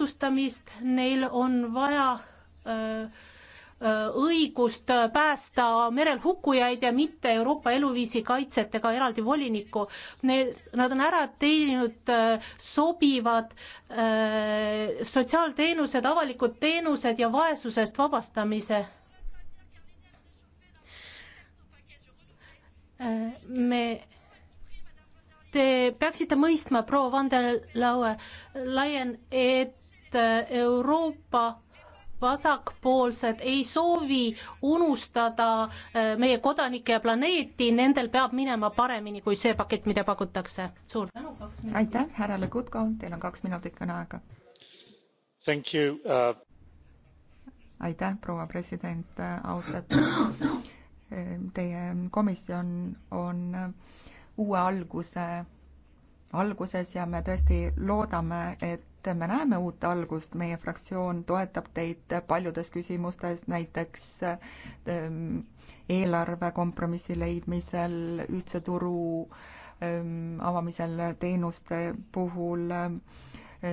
otsustamist, neil on vaja öö, õigust päästa merel hukkujaid ja mitte Euroopa eluviisi kaitset ega eraldi volinikku. Nad on ära teeninud sobivad öö, sotsiaalteenused, avalikud teenused ja vaesusest vabastamise. me te peaksite mõistma, proua van der Laue, Laien, et et äh, Euroopa vasakpoolsed ei soovi unustada äh, meie kodanikke ja planeeti, nendel peab minema paremini kui see pakett, mida pakutakse. suur tänu. aitäh, härra Legutko, teil on kaks minutit kõneaega. Uh... aitäh, proua president, äh, austatud. Teie komisjon on uue alguse alguses ja me tõesti loodame, et et me näeme uut algust, meie fraktsioon toetab teid paljudes küsimustes, näiteks ähm, eelarve kompromissi leidmisel, ühtse turu ähm, avamisel teenuste puhul, ähm,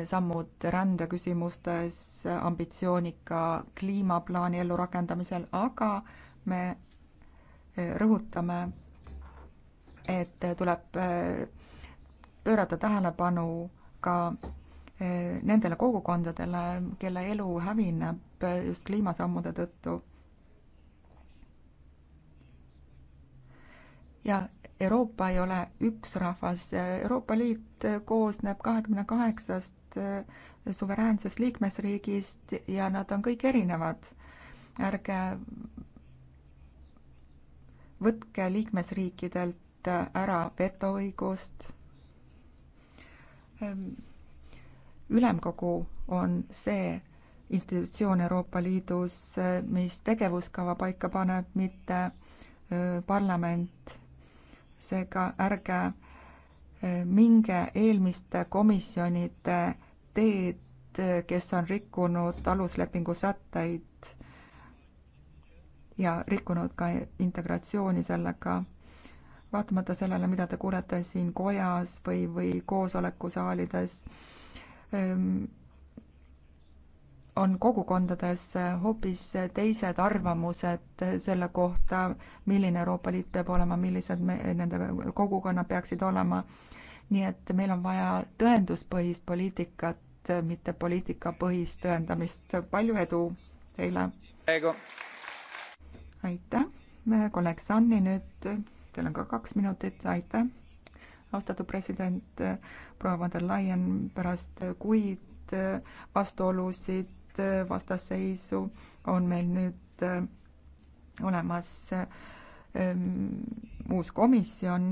sammud rändeküsimustes, ambitsioonika kliimaplaani ellurakendamisel, aga me äh, rõhutame, et tuleb äh, pöörata tähelepanu ka Eh, nendele kogukondadele, kelle elu hävineb just kliimasammude tõttu. ja Euroopa ei ole üks rahvas, Euroopa Liit koosneb kahekümne kaheksast eh, suveräänsest liikmesriigist ja nad on kõik erinevad. ärge võtke liikmesriikidelt ära vetoõigust ehm, ülemkogu on see institutsioon Euroopa Liidus, mis tegevuskava paika paneb, mitte parlament. seega ärge minge eelmiste komisjonide teed, kes on rikkunud aluslepingu sätteid ja rikkunud ka integratsiooni sellega vaatamata sellele, mida te kuulete siin kojas või, või koosolekusaalides, Ehm, on kogukondades hoopis teised arvamused selle kohta, milline Euroopa Liit peab olema, millised me, nende kogukonnad peaksid olema. nii et meil on vaja tõenduspõhist poliitikat, mitte poliitikapõhist tõendamist. palju edu teile! aitäh, kolleeg Sanni nüüd, teil on ka kaks minutit, aitäh! austatud president äh, proua von der Leyen pärast kuid äh, vastuolusid, äh, vastasseisu on meil nüüd olemas ähm, uus komisjon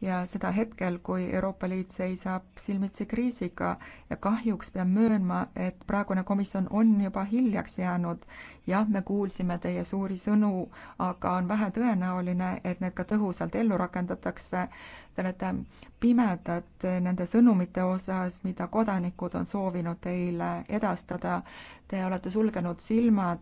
ja seda hetkel, kui Euroopa Liit seisab silmitsi kriisiga ja kahjuks pean möönma, et praegune komisjon on juba hiljaks jäänud. jah, me kuulsime teie suuri sõnu, aga on vähe tõenäoline, et need ka tõhusalt ellu rakendatakse. Te olete pimedad nende sõnumite osas, mida kodanikud on soovinud teile edastada. Te olete sulgenud silmad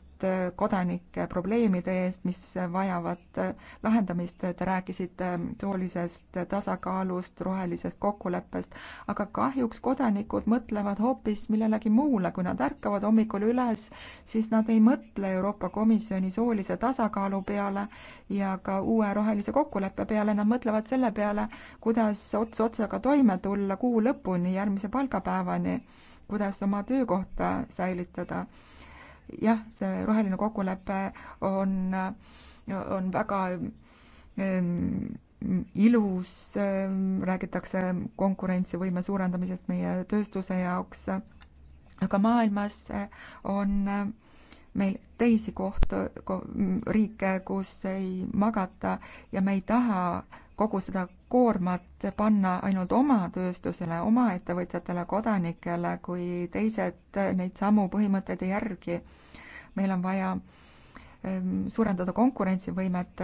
kodanike probleemide eest, mis vajavad lahendamist. Te rääkisite soolisest tasakaalust, rohelisest kokkuleppest, aga kahjuks kodanikud mõtlevad hoopis millelegi muule, kui nad ärkavad hommikul üles, siis nad ei mõtle Euroopa Komisjoni soolise tasakaalu peale ja ka uue rohelise kokkuleppe peale, nad mõtlevad selle peale, kuidas ots otsaga toime tulla kuu lõpuni, järgmise palgapäevani, kuidas oma töökohta säilitada jah, see roheline kokkulepe on, on väga ähm, ilus, ähm, räägitakse konkurentsivõime suurendamisest meie tööstuse jaoks, aga maailmas äh, on äh, meil teisi kohta ko,, riike, kus ei magata ja me ei taha kogu seda koormat panna ainult oma tööstusele, oma ettevõtjatele, kodanikele, kui teised neid samu põhimõtteid ei järgi. meil on vaja äh, Ehm, suurendada konkurentsivõimet.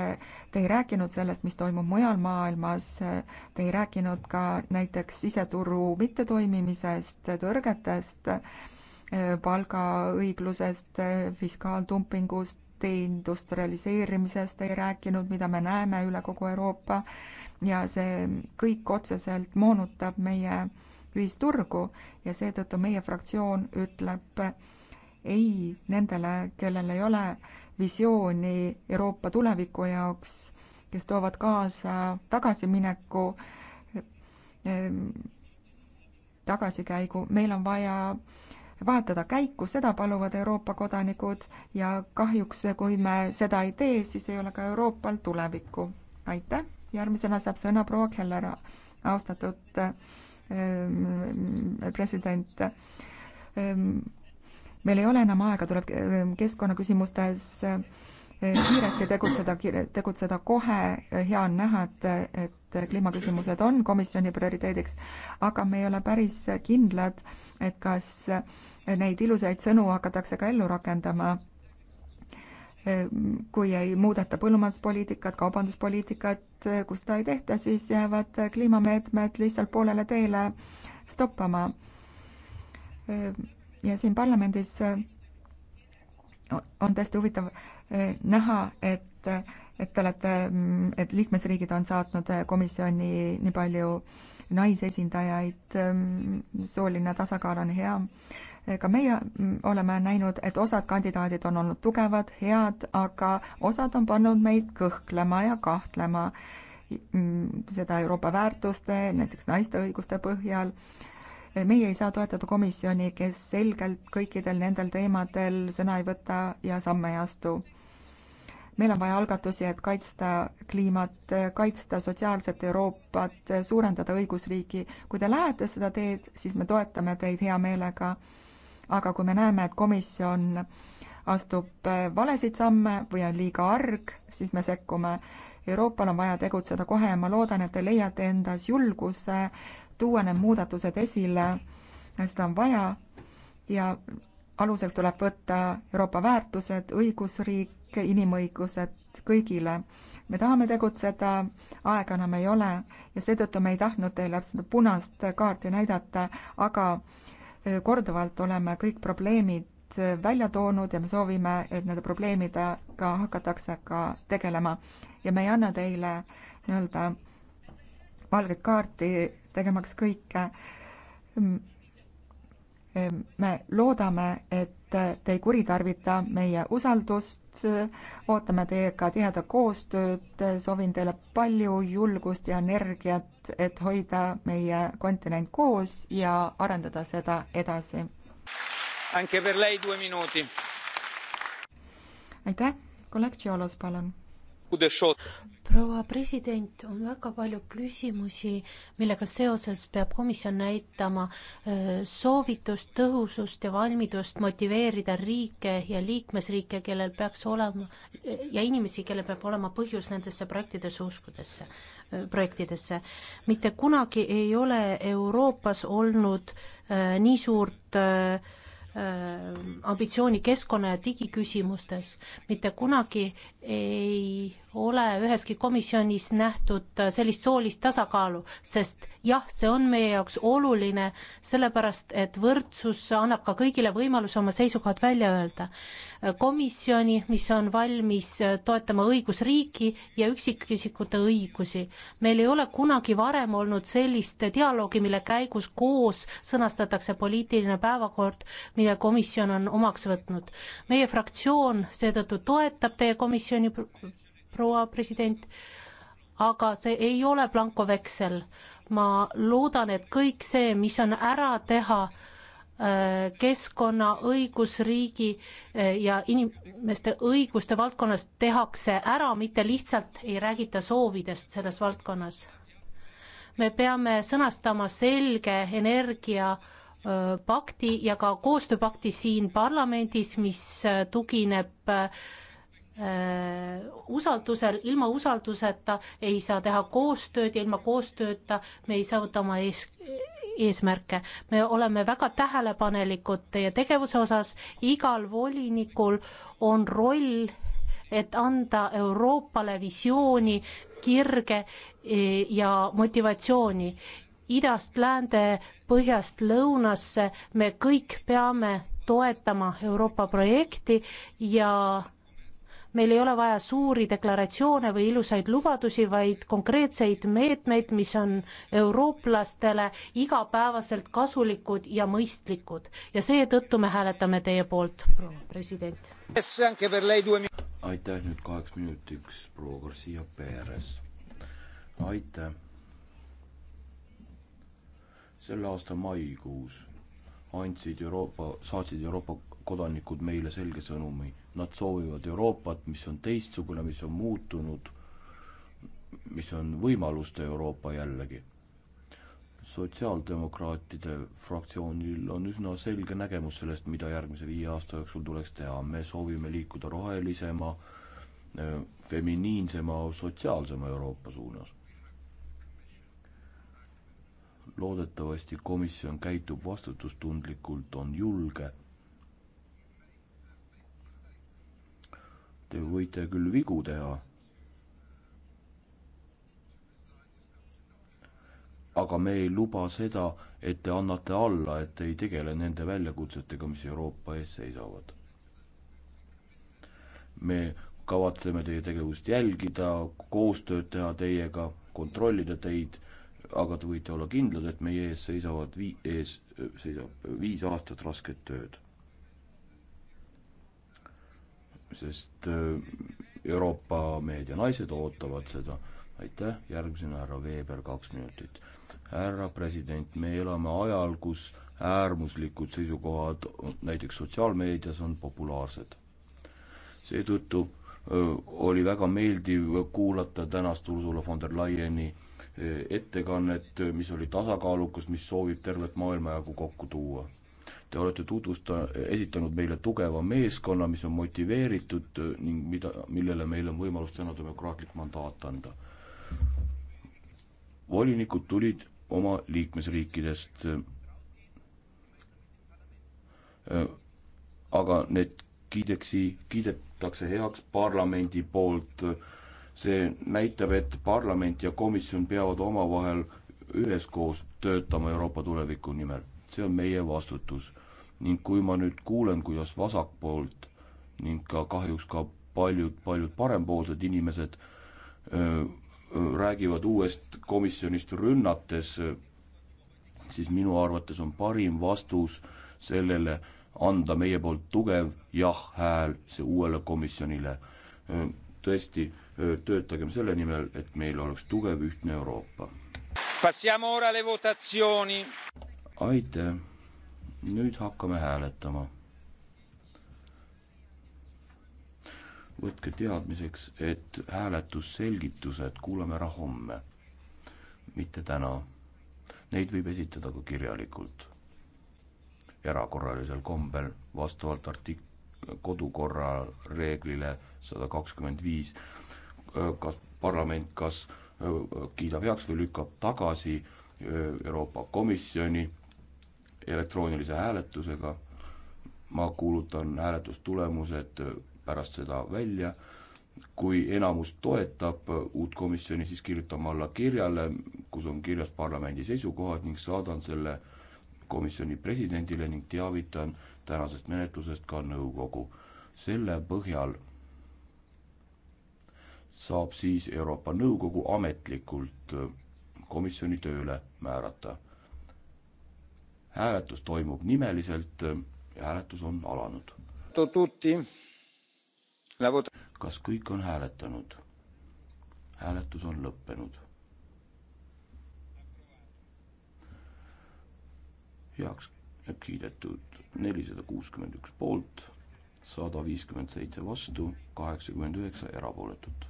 Te ei rääkinud sellest, mis toimub mujal maailmas, te ei rääkinud ka näiteks siseturu mittetoimimisest, tõrgetest, ehm, palgaõiglusest, fiskaaldumpingust, deindustrialiseerimisest ei rääkinud, mida me näeme üle kogu Euroopa ja see kõik otseselt moonutab meie ühisturgu ja seetõttu meie fraktsioon ütleb ei nendele, kellel ei ole visiooni Euroopa tuleviku jaoks, kes toovad kaasa tagasimineku, ehm, tagasikäigu, meil on vaja vahetada käiku, seda paluvad Euroopa kodanikud ja kahjuks, kui me seda ei tee, siis ei ole ka Euroopal tulevikku. aitäh, järgmisena saab sõna proua Keller, austatud ehm, president ehm, meil ei ole enam aega, tuleb keskkonnaküsimustes eh, kiiresti tegutseda, tegutseda kohe, hea on näha, et, et kliimaküsimused on komisjoni prioriteediks, aga me ei ole päris kindlad, et kas neid ilusaid sõnu hakatakse ka ellu rakendama kui ei muudeta põllumajanduspoliitikat, kaubanduspoliitikat, kus seda ei tehta, siis jäävad kliimameetmed lihtsalt poolele teele stoppama ja siin parlamendis äh, on tõesti huvitav äh, näha, et, äh, et te olete, mm, et liikmesriigid on saatnud komisjoni nii palju naisesindajaid, ähm, sooline tasakaal on hea. ka meie mm, oleme näinud, et osad kandidaadid on olnud tugevad, head, aga osad on pannud meid kõhklema ja kahtlema mm, seda Euroopa väärtuste, näiteks naiste õiguste põhjal äh, meie ei saa toetada komisjoni, kes selgelt kõikidel nendel teemadel sõna ei võta ja samme ei astu. meil on vaja algatusi, et kaitsta kliimat, kaitsta sotsiaalset Euroopat, suurendada õigusriiki. kui te lähete seda teed, siis me toetame teid hea meelega. aga kui me näeme, et komisjon astub valesid samme või on liiga arg, siis me sekkume Euroopal on vaja tegutseda kohe ja ma loodan, et te leiate endas julguse tuua need muudatused esile, seda on vaja ja aluseks tuleb võtta Euroopa väärtused, õigusriik, inimõigused kõigile. me tahame tegutseda, aega enam ei ole ja seetõttu me ei tahtnud teile seda punast kaarti näidata, aga eh, korduvalt oleme kõik probleemid eh, välja toonud ja me soovime, et nende probleemidega hakatakse ka tegelema. ja me ei anna teile nii-öelda valget kaarti, tegemaks kõike. me loodame, et te ei kuritarvita meie usaldust, ootame teiega tihedat koostööd, soovin teile palju julgust ja energiat, et hoida meie kontinent koos ja arendada seda edasi. aitäh, kolleeg Tšiolos, palun proua president, on väga palju küsimusi, millega seoses peab komisjon näitama äh, soovitust, tõhusust ja valmidust motiveerida riike ja liikmesriike, kellel peaks olema ja inimesi, kellel peab olema põhjus nendesse projektidesse uskudesse, äh, projektidesse. mitte kunagi ei ole Euroopas olnud äh, nii suurt äh, ambitsiooni keskkonna ja digiküsimustes, mitte kunagi ei ole üheski komisjonis nähtud sellist soolist tasakaalu, sest jah, see on meie jaoks oluline, sellepärast et võrdsus annab ka kõigile võimaluse oma seisukohad välja öelda. komisjoni, mis on valmis toetama õigusriiki ja üksikisikute õigusi. meil ei ole kunagi varem olnud sellist dialoogi, mille käigus koos sõnastatakse poliitiline päevakord, mida komisjon on omaks võtnud. meie fraktsioon seetõttu toetab teie komisjoni proua president, aga see ei ole blankoveksel. ma loodan, et kõik see, mis on ära teha äh, keskkonna, õigusriigi äh, ja inimeste õiguste valdkonnas, tehakse ära, mitte lihtsalt ei räägita soovidest selles valdkonnas. me peame sõnastama selge energia äh, pakti ja ka koostööpakti siin parlamendis, mis tugineb Äh, usaldusel, ilma usalduseta ei saa teha koostööd ja ilma koostööta me ei saavuta oma ees, eesmärke. me oleme väga tähelepanelikud teie tegevuse osas, igal volinikul on roll, et anda Euroopale visiooni, kirge e, ja motivatsiooni. idast läände, põhjast lõunasse me kõik peame toetama Euroopa projekti ja meil ei ole vaja suuri deklaratsioone või ilusaid lubadusi, vaid konkreetseid meetmeid, mis on eurooplastele igapäevaselt kasulikud ja mõistlikud. ja seetõttu me hääletame teie poolt, proua president. aitäh, nüüd kaheks minutiks proua Garcia Perez. aitäh. selle aasta maikuus andsid Euroopa, saatsid Euroopa kodanikud meile selge sõnumi Nad soovivad Euroopat, mis on teistsugune, mis on muutunud, mis on võimaluste Euroopa jällegi. sotsiaaldemokraatide fraktsioonil on üsna selge nägemus sellest, mida järgmise viie aasta jooksul tuleks teha. me soovime liikuda rohelisema, äh, feminiinsema, sotsiaalsema Euroopa suunas loodetavasti komisjon käitub vastutustundlikult, on julge te võite küll vigu teha, aga me ei luba seda, et te annate alla, et te ei tegele nende väljakutsetega, mis Euroopa ees seisavad. me kavatseme teie tegevust jälgida, koostööd teha teiega, kontrollida teid, aga te võite olla kindlad, et meie ees seisavad vii-, ees seisab viis aastat rasket tööd sest äh, Euroopa meedianaised ootavad seda. aitäh, järgmisena härra Veeber, kaks minutit. härra president, me elame ajal, kus äärmuslikud seisukohad näiteks sotsiaalmeedias on populaarsed. seetõttu äh, oli väga meeldiv kuulata tänast Ursula von der Leyeni äh, ettekannet, mis oli tasakaalukas, mis soovib tervet maailmajagu kokku tuua Te olete tutvusta-, esitanud meile tugeva meeskonna, mis on motiveeritud ning mida, millele meil on võimalus täna demokraatlik mandaat anda. volinikud tulid oma liikmesriikidest. Äh, aga need kiideksi, kiidetakse heaks parlamendi poolt. see näitab, et parlament ja komisjon peavad omavahel üheskoos töötama Euroopa tuleviku nimel. see on meie vastutus ning kui ma nüüd kuulen, kuidas vasakpoolt ning ka kahjuks ka paljud, paljud parempoolsed inimesed öö, räägivad uuest komisjonist rünnates, siis minu arvates on parim vastus sellele anda meie poolt tugev jah-hääl see uuele komisjonile. tõesti, töötagem selle nimel, et meil oleks tugev ühtne Euroopa. aitäh nüüd hakkame hääletama. võtke teadmiseks, et hääletusselgitused kuulame ära homme, mitte täna. Neid võib esitada ka kirjalikult, erakorralisel kombel, vastavalt artik-, kodukorra reeglile sada kakskümmend viis, kas parlament kas kiidab heaks või lükkab tagasi Euroopa Komisjoni elektroonilise hääletusega. ma kuulutan hääletustulemused pärast seda välja. kui enamus toetab uut komisjoni, siis kirjutame alla kirjale, kus on kirjas parlamendi seisukohad ning saadan selle komisjoni presidendile ning teavitan tänasest menetlusest ka nõukogu. selle põhjal saab siis Euroopa Nõukogu ametlikult komisjoni tööle määrata hääletus toimub nimeliselt ja hääletus on alanud. kas kõik on hääletanud? hääletus on lõppenud. heaks kiidetud nelisada kuuskümmend üks poolt, sada viiskümmend seitse vastu, kaheksakümmend üheksa erapooletut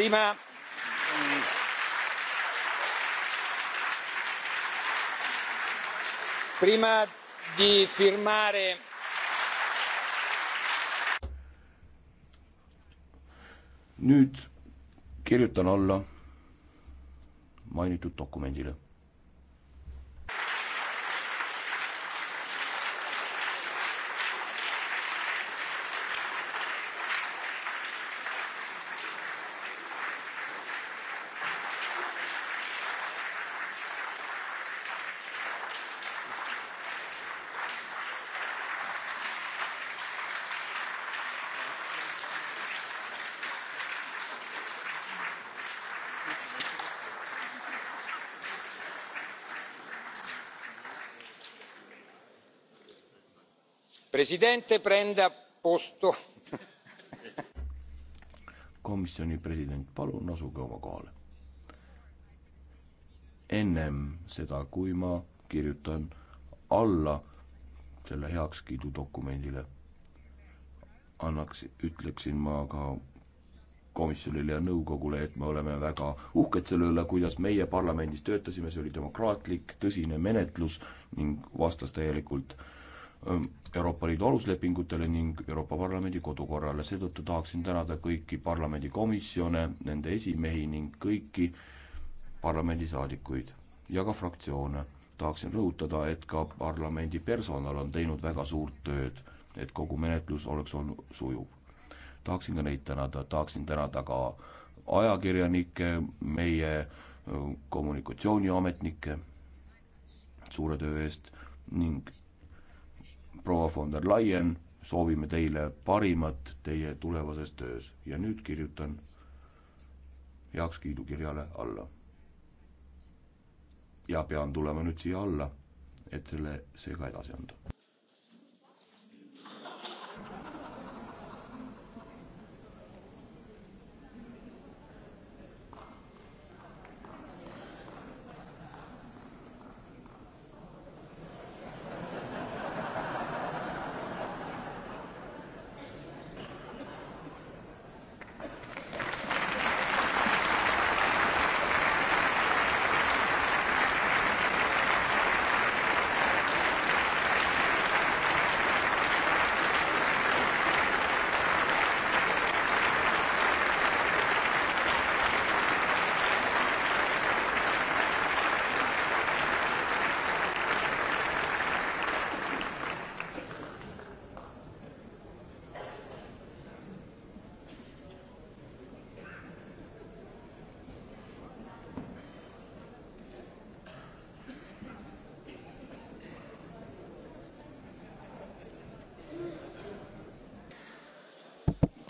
prima prima di firmare nüüd kirjutan alla mainitud dokumendile presidente prenda posto. komisjoni president, palun asuge oma kohale. ennem seda, kui ma kirjutan alla selle heakskiidu dokumendile, annaks, ütleksin ma ka komisjonile ja nõukogule, et me oleme väga uhked selle üle, kuidas meie parlamendis töötasime, see oli demokraatlik, tõsine menetlus ning vastas täielikult äh, Ähm, Euroopa Liidu aluslepingutele ning Euroopa Parlamendi kodukorrale, seetõttu tahaksin tänada kõiki parlamendikomisjone, nende esimehi ning kõiki parlamendisaadikuid ja ka fraktsioone. tahaksin rõhutada, et ka parlamendi personal on teinud väga suurt tööd, et kogu menetlus oleks olnud sujuv. tahaksin ka neid tänada, tahaksin tänada ka ajakirjanikke, meie äh, kommunikatsiooniametnikke suure töö eest ning proua von der Leyen, soovime teile parimat teie tulevases töös ja nüüd kirjutan heakskiidukirjale alla. ja pean tulema nüüd siia alla, et selle, see ka edasi anda.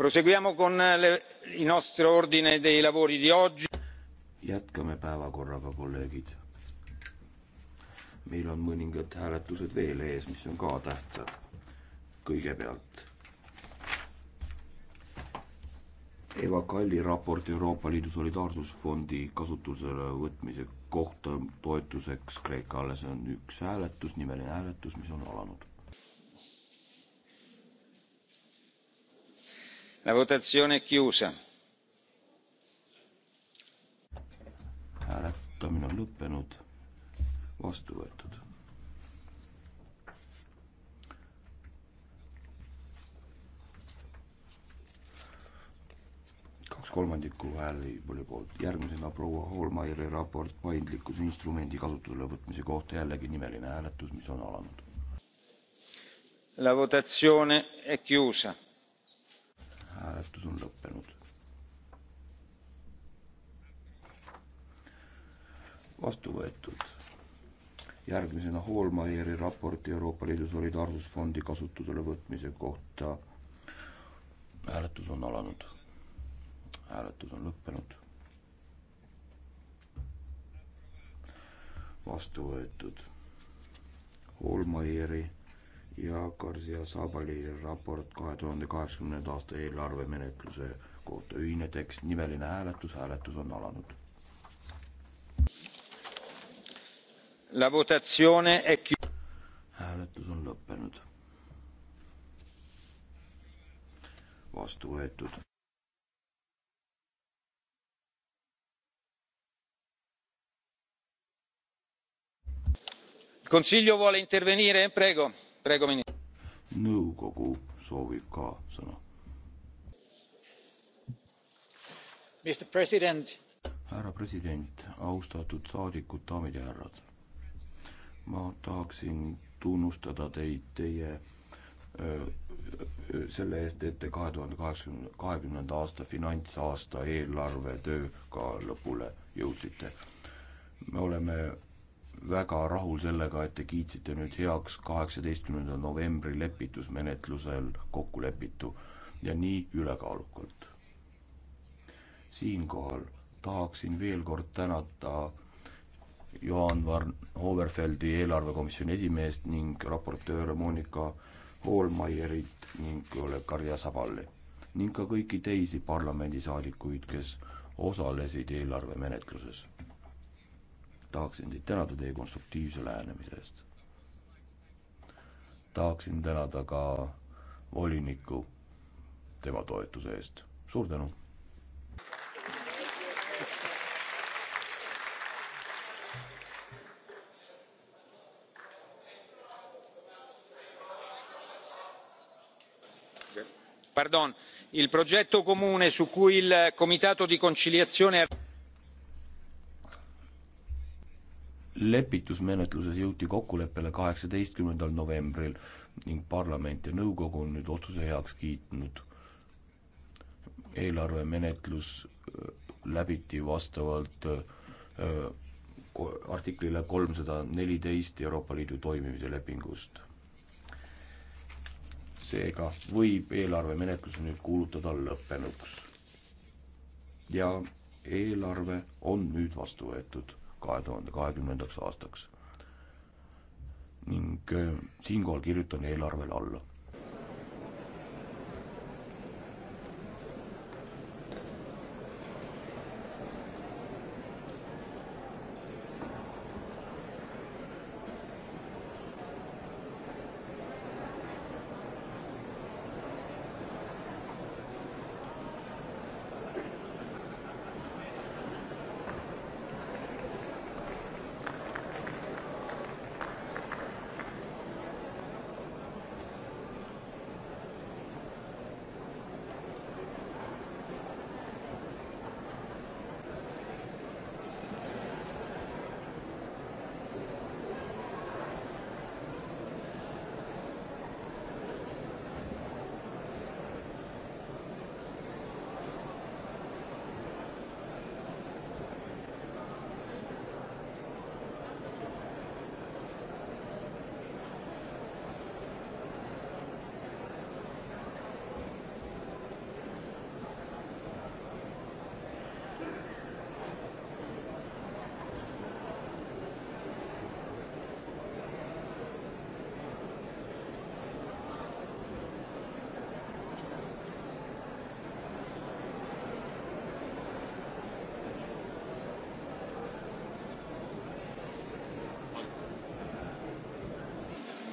proseguiamo con eh, il nostro ordine dei lavori di oggi. jätkame päevakorraga, kolleegid. meil on mõningad hääletused veel ees, mis on ka tähtsad. kõigepealt Eva Kalli raport Euroopa Liidu solidaarsusfondi kasutusele võtmise kohta toetuseks Kreekale, see on üks hääletus, nimeline hääletus, mis on alanud la votazione è chiusa. hääletamine on lõppenud, vastu võetud. kaks kolmandikku hääli oli poolt, järgmisena proua Hoolmeieri raport paindlikkuse instrumendi kasutusele võtmise kohta, jällegi nimeline hääletus, mis on alanud. La votazione è chiusa hääletus on lõppenud. vastu võetud. järgmisena Hallmeieri raport Euroopa Liidu Solidaarsusfondi kasutusele võtmise kohta. hääletus on alanud. hääletus on lõppenud. vastu võetud. Hallmeieri ja Garcia Sabali raport kahe tuhande kaheksakümnenda aasta eelarve menetluse kohta. ühine tekst, nimeline hääletus, hääletus on alanud. hääletus on lõppenud. vastu võetud. consiglio vuole intervenire prego nõukogu soovib ka sõna. härra president, austatud saadikud, daamid ja härrad. ma tahaksin tunnustada teid teie öö, selle eest, et te kahe tuhande kaheksakümne, kahekümnenda aasta finantsaasta eelarvetööga lõpule jõudsite. me oleme väga rahul sellega, et te kiitsite nüüd heaks kaheksateistkümnenda novembri lepitusmenetlusel kokkulepitu ja nii ülekaalukalt. siinkohal tahaksin veel kord tänada Johan Van Overfeldi eelarvekomisjoni esimeest ning raportööre Monika Hoolmeierit ning Oleg Karjasaballi ning ka kõiki teisi parlamendisaadikuid, kes osalesid eelarve menetluses tahaksin teid tänada teie konstruktiivse lähenemise eest. tahaksin tänada ka volinikku tema toetuse eest. suur tänu! pardon il progetto comune su cui il comitato di conciliazione. lepitusmenetluses jõuti kokkuleppele kaheksateistkümnendal novembril ning parlament ja nõukogu on nüüd otsuse heaks kiitnud. eelarvemenetlus äh, läbiti vastavalt äh, artiklile kolmsada neliteist Euroopa Liidu toimimise lepingust. seega võib eelarvemenetlus nüüd kuulutada lõppenuks. ja eelarve on nüüd vastu võetud kahe tuhande kahekümnendaks aastaks. ning äh, siinkohal kirjutan eelarvele alla.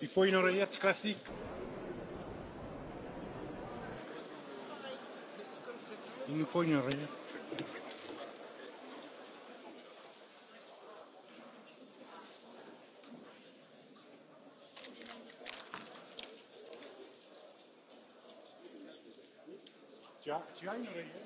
die foinorejet klassik. Une foinorejet. Tu as, tu as une oreillette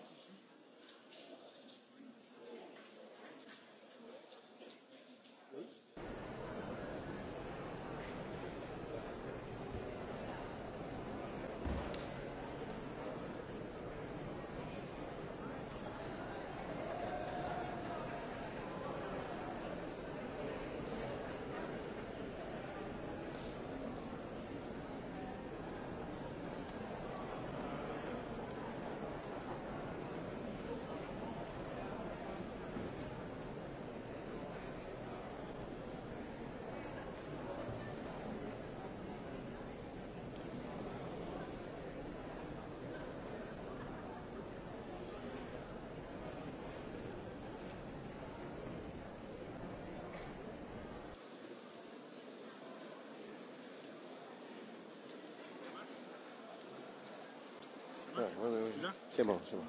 ouais, ouais, ouais. C'est bon, c'est bon.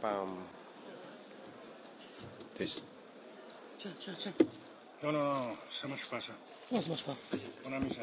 Pam. Test. Tiens, tiens, tiens. Non, non, non, ça marche pas, ça. Non, ça marche pas. On a mis ça.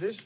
This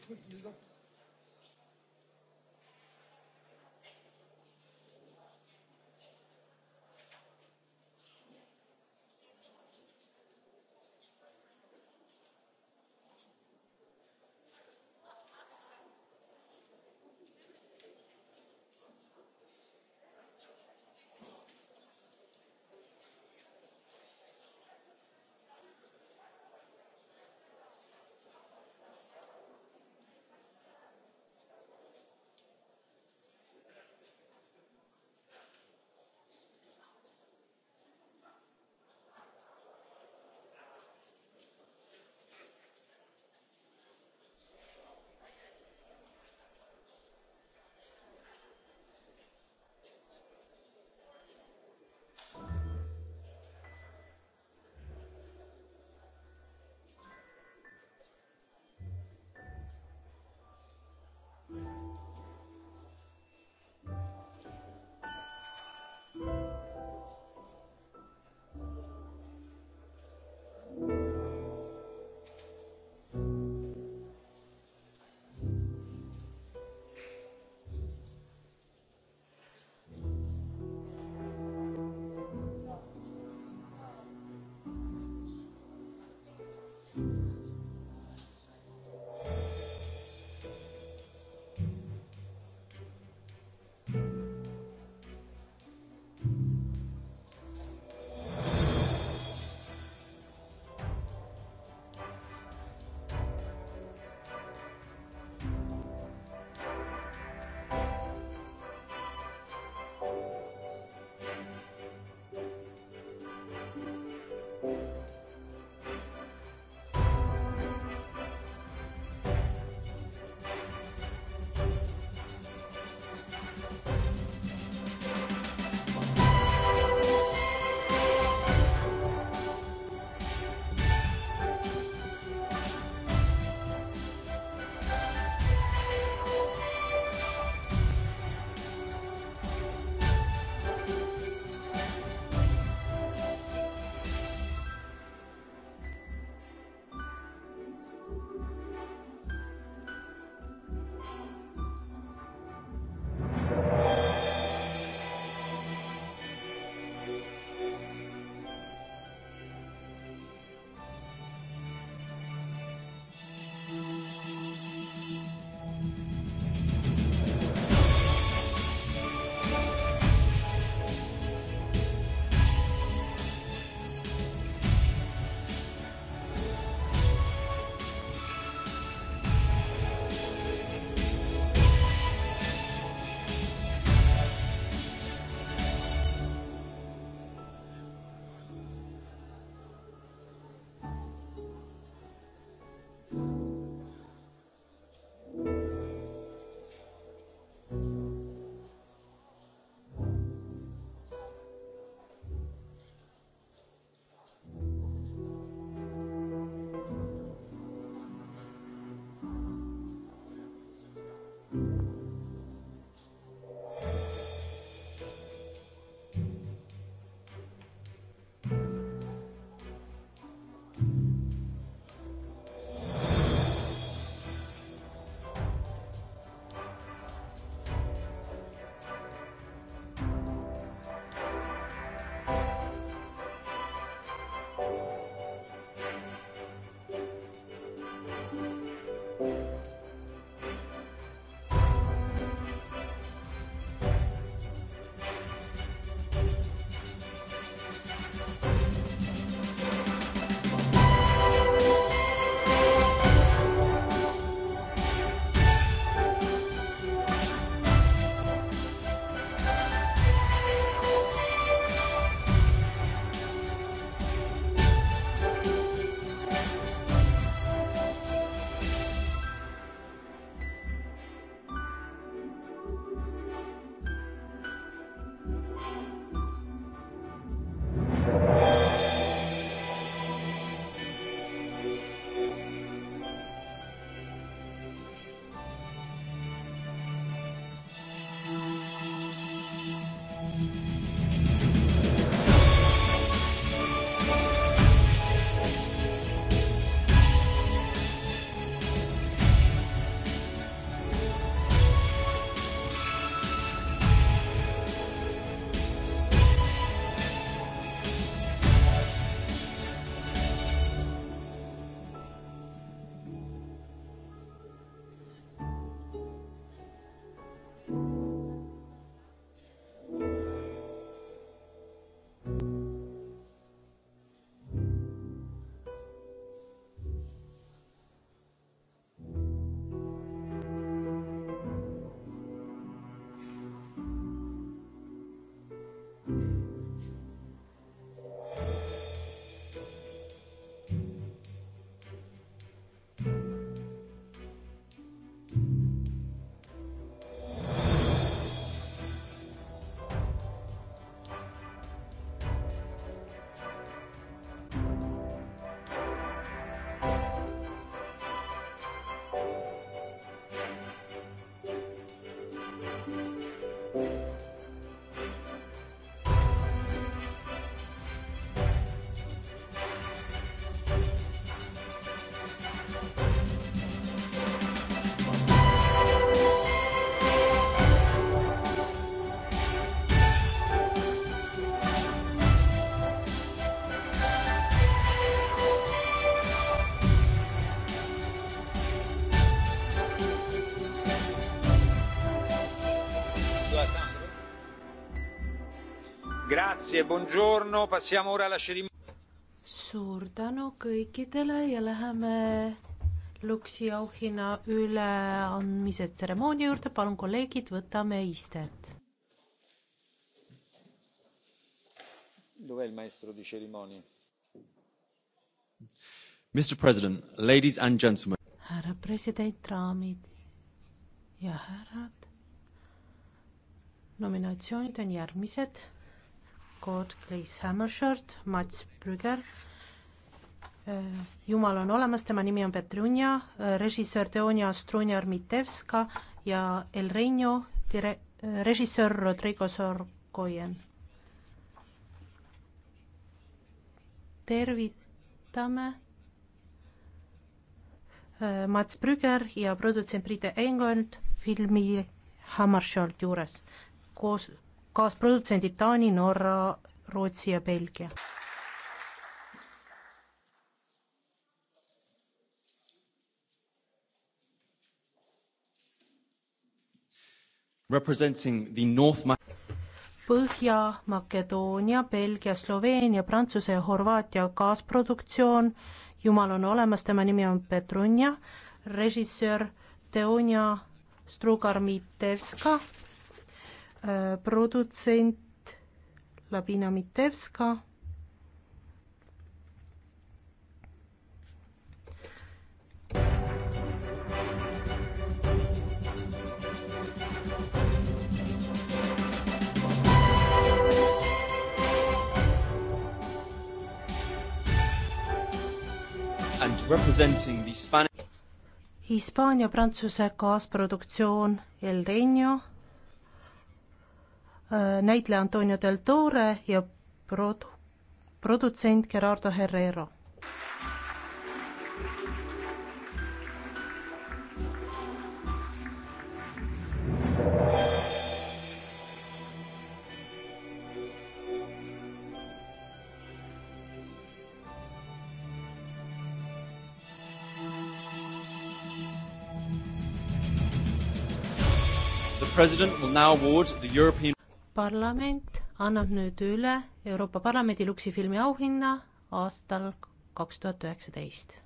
grazie, buongiorno, passiamo ora alla cerimonia. suur tänu kõikidele ja läheme Luksi auhinna üleandmise tseremoonia juurde, palun kolleegid, võtame istet. Dov'è il maestro di cerimonie? Mr President, ladies and gentlemen. härra president, daamid ja härrad. nominatsioonid on järgmised Kod Chris Hammershort, Mats Brügger. Äh, jumal on olemas, tema nimi on Petrunia, äh, režissöör Teonia Strunjar-Mitevska ja El Reino dire-, äh, režissöör Rodrigo Sorgoyen. tervitame Mats Brügger ja produtsent Brita Engold filmi Hammarskjöld juures koos kaasprodutsendid Taani, Norra, Rootsi ja Belgia. Representing the North Põhja-Makedoonia, Belgia, Sloveenia, Prantsuse ja Horvaatia kaasproduktsioon Jumal on olemas, tema nimi on Petrunja, režissöör Teonia Strugar-Mitevska produtsent Labina Mitevska. And representing the Spanish Hispaania-Prantsuse kaasproduktsioon El Reino Äh, näitleja Antonio del Torre ja prod-, produtsent Gerardo Herrero. The President will now award the European parlament annab nüüd üle Euroopa Parlamendi Luksi filmi auhinna aastal kaks tuhat üheksateist.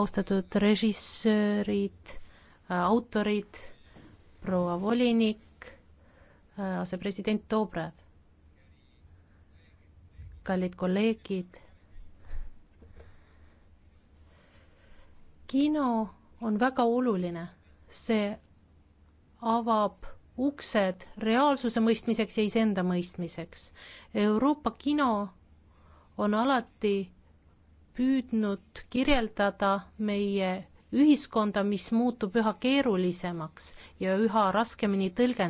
austatud režissöörid, autorid, proua volinik, asepresident Dobrev kallid kolleegid. kino on väga oluline, see avab uksed reaalsuse mõistmiseks ja iseenda mõistmiseks. Euroopa kino on alati püüdnud kirjeldada meie ühiskonda, mis muutub üha keerulisemaks ja üha raskemini tõlgendatavaks.